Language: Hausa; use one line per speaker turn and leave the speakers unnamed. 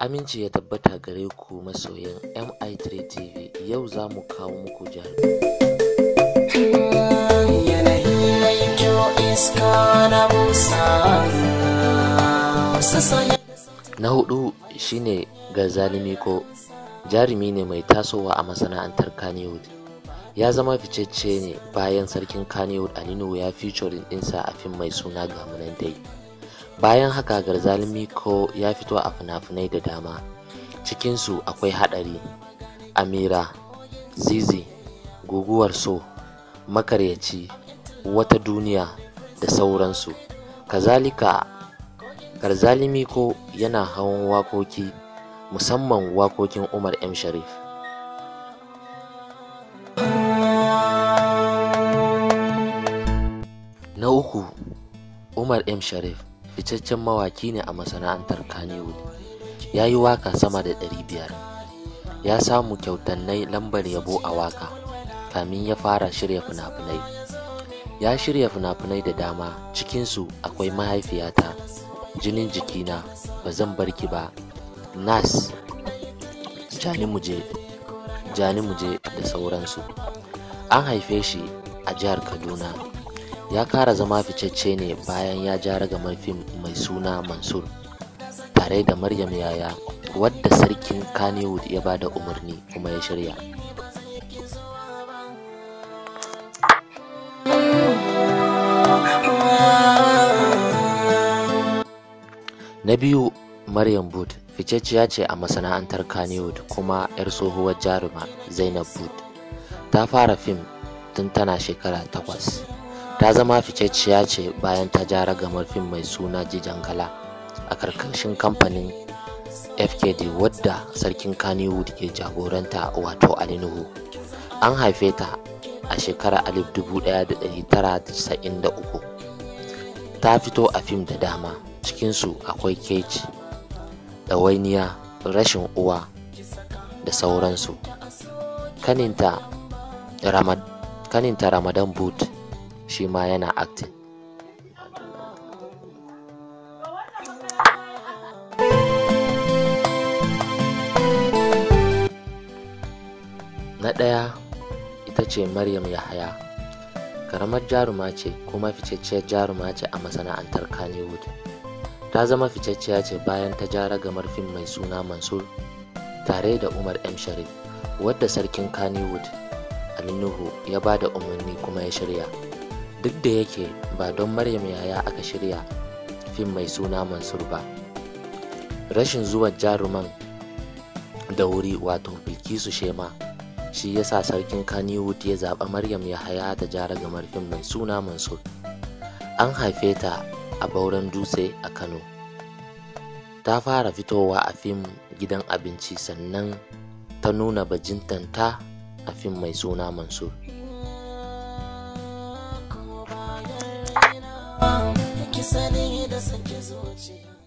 Aminci ya tabbata gare ku masoyan MI3 TV yau za mu kawo muku jihar na busa hudu shine Miko jarumi ne mai tasowa a masana'antar Kannywood. Ya zama ficecce ne bayan sarkin a Nino ya featuring dinsa a fim mai suna Gamunan Dai. bayan haka garzalmi ko ya fito a fina-finai da dama cikinsu akwai haɗari amira zizi guguwar so makaryaci wata duniya da sauransu kazalika garzali ko yana hawan wakoki musamman wakokin umar m sharif na uku umar m sharif fitaccen mawaki ne a masana'antar Kannywood. Ya yi waka sama da 500. Ya samu kyautannai lambar yabo a waka kamin ya fara shirya fina-finai. Ya shirya fina-finai da dama cikinsu akwai mahaifiyata, jinin jikina, ba zan bar ki ba, nas, jani muje, jani muje da sauransu. An haife shi a jihar Kaduna ya kara zama ficacce ne bayan ya ja ragamar fim mai suna mansur tare da maryam yaya wadda sarkin kannywood ya ba da umarni kuma ya shirya na biyu maryam boot ficacciya ce a masana'antar kannywood kuma 'yar tsohuwar jaruma zainab boot ta fara fim tun tana shekara takwas ta zama ficecciya ce bayan ta ja ragamar fim mai suna jijangala a karkashin kamfanin fkd wadda sarkin kannywood ke jagoranta wato alinuhu an haife ta a shekarar 1993 ta fito a fim da dama cikinsu akwai keji ɗawainiya rashin uwa da sauransu kaninta ramadan boot shi ma yana acting na ɗaya ita ce maryam yahaya karamar jaruma ce kuma ficecciyar jaruma ce a masana'antar kannywood ta zama ficecciya ce bayan ta ja ga marfin mai suna mansur tare da umar m sharif wadda sarkin kannywood aminuhu ya ba da umarni kuma ya shirya duk da yake ba don maryam yaya aka shirya fim mai suna mansur ba rashin zuwan jaruman da wuri wato bilkisu shema shi yasa sarkin kaniwood ya zaɓa maryam yahaya ta jara gamar fim mai suna mansur an haife ta a bauren dutse a kano ta fara fitowa a fim gidan abinci sannan ta nuna bajintanta a fim mai suna mansur asali da sanke zuciya